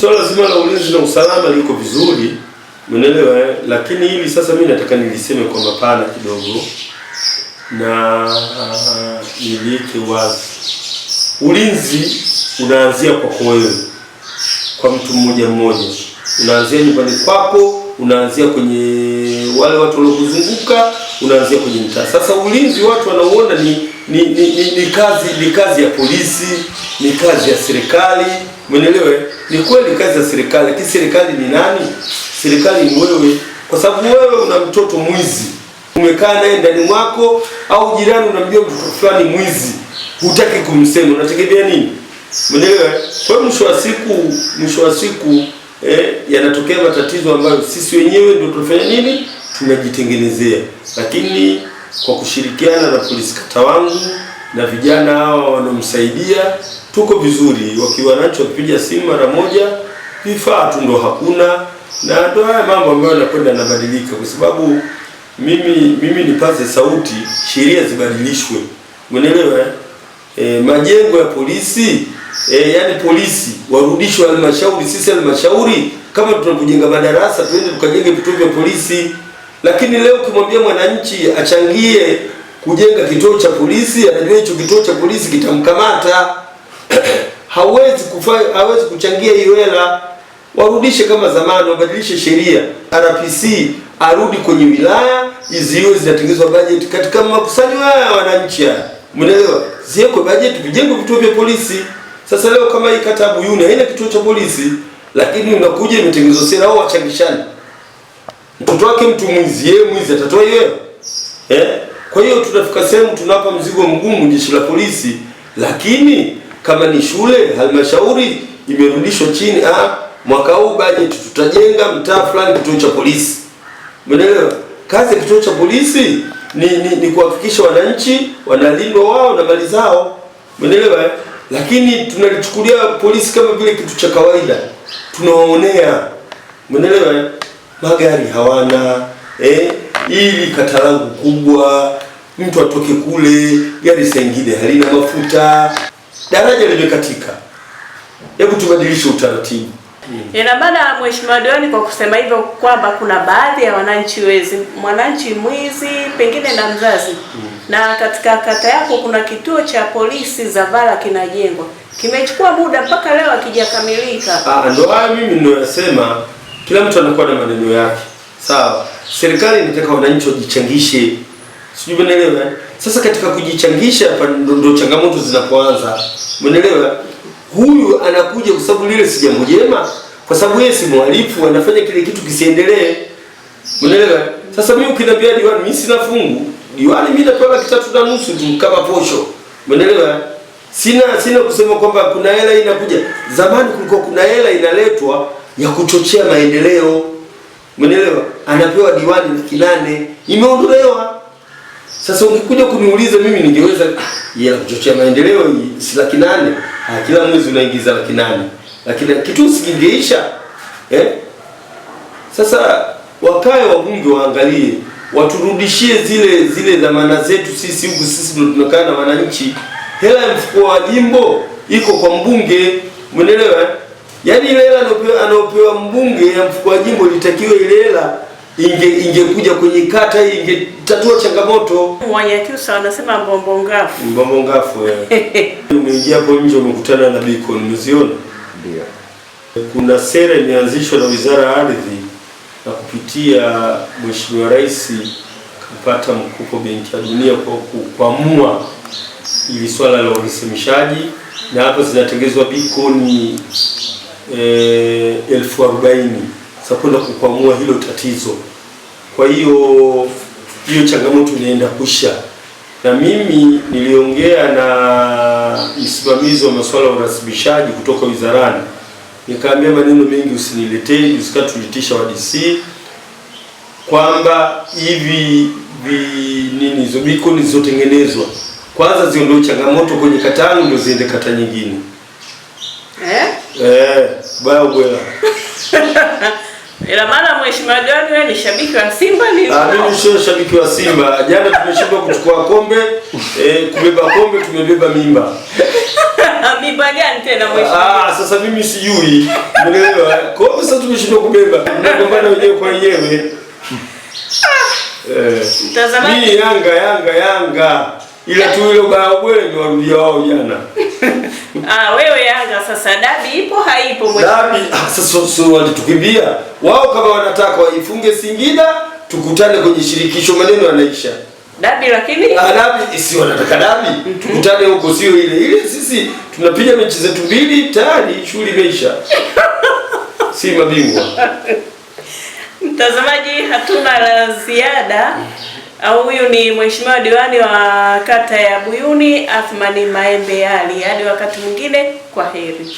swala zima la ulinzi na usalama liko vizuri, unaelewa eh? Lakini hili sasa mimi nataka niliseme kwa mapana kidogo na ah, niliweke wazi. Ulinzi unaanzia kwako wewe, kwa mtu mmoja mmoja, unaanzia nyumbani kwako, unaanzia kwenye wale watu waliokuzunguka, unaanzia kwenye mtaa. Sasa ulinzi watu wanauona ni ni, ni, ni, ni kazi ni kazi ya polisi, ni kazi ya serikali Mwenelewe, ni kweli kazi ya serikali, lakini serikali ni nani? Serikali ni wewe, kwa sababu wewe una mtoto mwizi umekaa naye ndani mwako, au jirani unamjua mtoto fulani mwizi, hutaki kumsema, unategemea nini? Mwenelewe. Kwa mwisho wa siku, mwisho wa siku eh, yanatokea matatizo ambayo sisi wenyewe ndio tunafanya nini, tunajitengenezea. Lakini kwa kushirikiana na polisi kata wangu na vijana hawa wanaomsaidia tuko vizuri, wakiwa nacho wakipiga simu mara moja, vifaa tu ndo hakuna, na ndo haya mambo ambayo yanakwenda yanabadilika, kwa sababu mimi mimi nipaze sauti, sheria zibadilishwe, umeelewa e, eh? eh, majengo ya polisi e, yani polisi warudishwe halmashauri. Sisi halmashauri kama tunakujenga madarasa, tuende tukajenge vituo vya polisi, lakini leo ukimwambia mwananchi achangie kujenga kituo cha polisi, anajua hicho kituo cha polisi kitamkamata. hawezi kufanya, hawezi kuchangia hiyo hela. Warudishe kama zamani, wabadilishe sheria. RPC arudi kwenye wilaya, hizo hiyo zinatengenezwa budget katika makusanyo haya ya wananchi, mnaelewa, ziwekwe budget, vijengwe vituo vya polisi. Sasa leo kama hii kata ya Buyuni haina kituo cha polisi, lakini unakuja imetengenezwa sera, au wachangishane. Mtoto wake mtu mwizi, yeye mwizi atatoa hiyo eh. Kwa hiyo tunafika sehemu tunapa mzigo mgumu jeshi la polisi, lakini kama ni shule, halmashauri imerudishwa chini, ah, mwaka huu bajeti tutajenga mtaa fulani kituo cha polisi. Umeelewa? Kazi ya kituo cha polisi ni, ni, ni kuhakikisha wananchi wanalindwa wao na mali zao. Umeelewa? Eh? Lakini tunalichukulia polisi kama vile kitu cha kawaida, tunawaonea. Umeelewa? Eh? Magari hawana eh, ili katalangu kubwa, mtu atoke kule, gari sengine halina mafuta daraja limekatika, hebu tubadilishe utaratibu. Hmm. Ina maana Mheshimiwa Diwani, kwa kusema hivyo kwamba kuna baadhi ya wananchi wezi, mwananchi mwizi pengine na mzazi mm. na katika kata yako kuna kituo cha polisi Zavala kinajengwa, kimechukua muda mpaka leo hakijakamilika. Ah, ah, ndio hayo mimi nasema kila mtu anakuwa na maneno yake, sawa. Serikali inataka wananchi wajichangishe, sijui unaelewa eh? Sasa katika kujichangisha hapa ndo changamoto zinapoanza, mwenelewa Huyu anakuja kwa sababu lile si jambo jema, kwa sababu yeye si mhalifu, anafanya kile kitu kisiendelee, mwenelewa. Sasa mimi ukiniambia diwani, mimi sina fungu diwani, mimi napewa laki tatu na nusu tu kama posho, mwenelewa. Sina sina kusema kwamba kuna hela inakuja. Zamani kulikuwa kuna hela inaletwa ya kuchochea maendeleo, mwenelewa. Anapewa diwani laki nane, imeondolewa sasa ungekuja kuniuliza mimi ningeweza ah, ya kuchochea maendeleo si laki nane ah, kila mwezi unaingiza laki nane lakini kitu sikingeisha eh? Sasa wakae wabunge waangalie, waturudishie zile zile dhamana zetu sisi, huku sisi ndio tunakaa na wananchi. Hela ya mfuko wa jimbo iko kwa mbunge, umeelewa? Eh? Yaani ile hela anayopewa mbunge ya mfuko wa jimbo litakiwa ile hela inge ingekuja kwenye kata hii ingetatua changamoto. Wanyakyusa wanasema mbombo ngafu, mbombo ngafu. Eh. Umeingia hapo nje umekutana na Bicon, umeziona? Ndio. Kuna sera imeanzishwa na Wizara ya Ardhi na kupitia Mheshimiwa Rais kupata mkopo Benki ya Dunia kwa kukwamua ili swala la uhisimishaji, na hapo zinatengezwa bikoni eh, elfu arobaini za kwenda kukwamua hilo tatizo. Kwa hiyo hiyo changamoto inaenda kusha, na mimi niliongea na msimamizi wa masuala ya urasimishaji kutoka wizarani, nikaambia maneno mengi usiniletee, usikatulitisha wa DC kwamba hivi vi, nini hizo bikoni zilizotengenezwa kwanza ziondoe changamoto kwenye katano ndio ziende kata nyingine eh? Eh, baya ubwela Ila maana mheshimiwa John wewe ni shabiki wa Simba ni? Ah, mimi sio shabiki wa Simba. Jana tumeshindwa kuchukua kombe, eh, kubeba kombe tumebeba mimba. Mimba gani tena mheshimiwa? Ah, sasa mimi sijui. Umeelewa? Eh? Kwa hiyo sasa tumeshindwa kubeba. Tunapambana wenyewe kwa wenyewe. Ah, eh. Mtazamaji Yanga Yanga Yanga. Ile tu ile ubaya bwele ni warudia wao jana. Ah, wewe Yanga sasa dabi ipo haipo mwenye. Dabi ah, sasa sio walitukimbia. Wao kama wanataka waifunge Singida tukutane kwenye shirikisho maneno yanaisha. Dabi lakini ah, dabi isi wanataka dabi. Mhm. Tukutane huko sio ile ile sisi tunapiga mechi zetu mbili tayari shughuli imeisha. si mabingwa. Mtazamaji hatuna la ziada. Huyu ni mheshimiwa diwani wa kata ya Buyuni Athmani Maembe Ali. Hadi wakati mwingine, kwa heri.